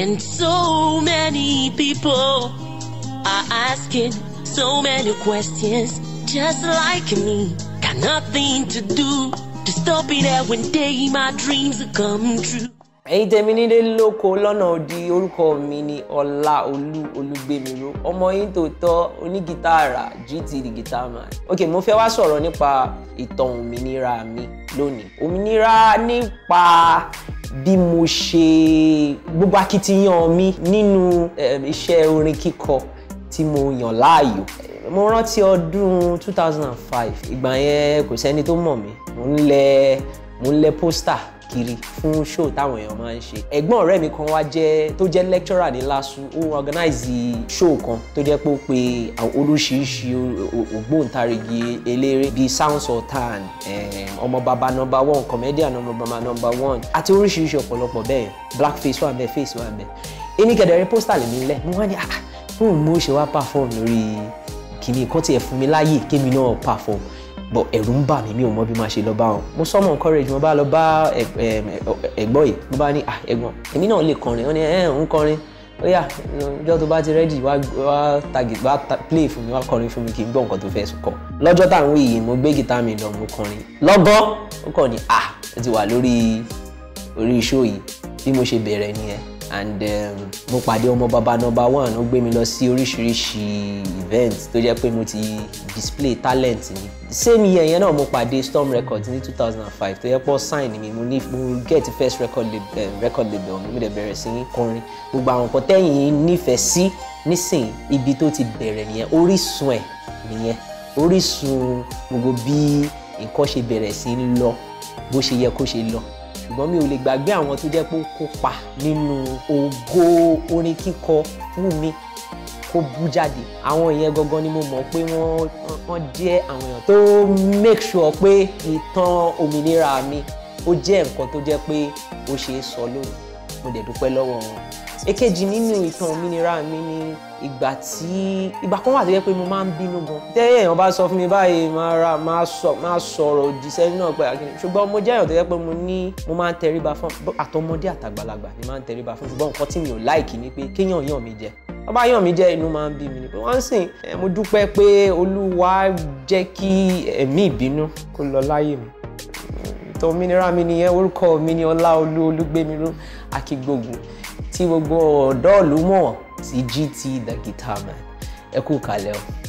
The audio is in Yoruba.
And so many people are asking so many questions, just like me. Got nothing to do to stop it that day my dreams will come true. ẹ̀yin tẹ̀mí nílé lóko lọ́nà òdi orúkọ mi ni ọlá olú olúgbèmíró ọmọ yín tó tọ́ onígítàrà GT the guitar man ok mo fẹ́ wá sọ̀rọ̀ nípa ìtàn òmìnira mi lónìí òmìnira nípa bí mo ṣe gbogbo akitiyan mi nínú iṣẹ́ orin kíkọ tí mo yàn láàyò mo rántí ọdún 2005 ìgbà yẹn kò sẹ́ni tó mọ̀ mí mo ń lẹ mo ń lẹ pósítà kiri fún show táwọn èèyàn máa ń ṣe ẹ̀gbọ́n ọ̀rẹ́ mi kan wá jẹ́ tó jẹ́ lecturer ní LASU ó organize show kan tó jẹ́ pé ó pe oríṣiríṣi ògbóǹtarìgì eléré bíi of sultan eh, ọmọ baba number one comedian ọmọ baba number one àti oríṣiríṣi ọ̀pọ̀lọpọ̀ bẹ́ẹ̀ face, wà bẹ́ẹ̀ face wà bẹ́ẹ̀ èmi kẹ̀dẹ̀ rí pósítà lèmi ńlẹ̀ mo wá ní ah fún mi mo ṣe wá perform lórí kìnnìkan tiẹ̀ fún mi láàyè kémi náà perform but ẹ̀rù ń bà mí mi ò mọ bí máa ṣe lọ bá wọn mo sọmọ encourage mo bá lọ bá ẹ̀gbọ́n yìí mo bá ní ah ẹ̀gbọ́n èmi náà lè kọrin ó ní ẹ ń kọrin ó yà lọ́jọ́ tó bá ti rẹ́dì wá target wá play fún mi wá kọrin fún mi kí n gbọ́ nǹkan tó fẹ́ kọ lọ́jọ́ tá à ń wí yìí mo gbé gìtá mi lọ mo kọrin lọ́gán ó kàn ní ah ó ti wà lórí orí show yìí bí mo ṣe bẹ̀rẹ̀ nìyẹn and um, mo pàdé ọmọ bàbá number one ó gbé mi lọ sí oríṣiríṣi event tó jẹ́ pé mo ti display talent mi same year yẹn náà mo pàdé storm records ní two thousand and five tó yẹ pọ̀ sign mi mo ní mo get first record label um, record label mi mo dẹ̀ bẹ̀rẹ̀ sí ní kọrin gbogbo àwọn nǹkan tẹ́yìn nífẹ̀ẹ́ sí nísìn ibi tó ti bẹ̀rẹ̀ nìyẹn orísun ẹ̀ nìyẹn orísun gbogbo bí nǹkan ṣe bẹ̀rẹ̀ sí ń lọ bó ṣe yẹ kó ṣe lọ ṣùgbọ́n mi ò lè gbàgbé àwọn tó jẹ́ pé ó kópa nínú ògo orin kíkọ Wúmi kó bú jáde àwọn ìyẹn gangan ni mo mọ̀ pé wọ́n jẹ́ àwọn èèyàn tó make sure pé ìtàn òmìnira mi ó jẹ́ nǹkan tó jẹ́ pé ó ṣeé sọ lónìí mo dẹ̀ dúpẹ́ lọ́wọ́ wọn. èkejì nínú ìtàn òmìnira mi ni ìgbà tí ìgbà kan wà tó yẹ pé mo máa ń bínú gan. tẹ́yẹ̀ èèyàn bá sọ fún mi báyìí máa ra máa sọ máa sọ̀rọ̀ òjíṣẹ́ náà pé àkínní ṣùgbọ́n mo jẹ́ èèyàn tó yẹ pé mo ní mo máa ń tẹríba fún àtọmọdé àtàgbàlagbà ni máa ń tẹríba fún ṣùgbọ́n nǹkan tí mi ò láìkì ni pé kéèyàn yàn mí jẹ ọba yàn mí jẹ́ inú máa ń bí mi ni pé wọ́n sìn mo dúpẹ́ pé olúwa jẹ́ kí ẹ̀mí ìbínú kó lọ láyè mi òmìnira mi nìyẹn orúkọ mi ni Ọláolú Olúgbémiró Akígbógun tí gbogbo ọ̀dọ́ ìlú mọ̀ sí GT the guitar man ẹ kú kalẹ̀ o.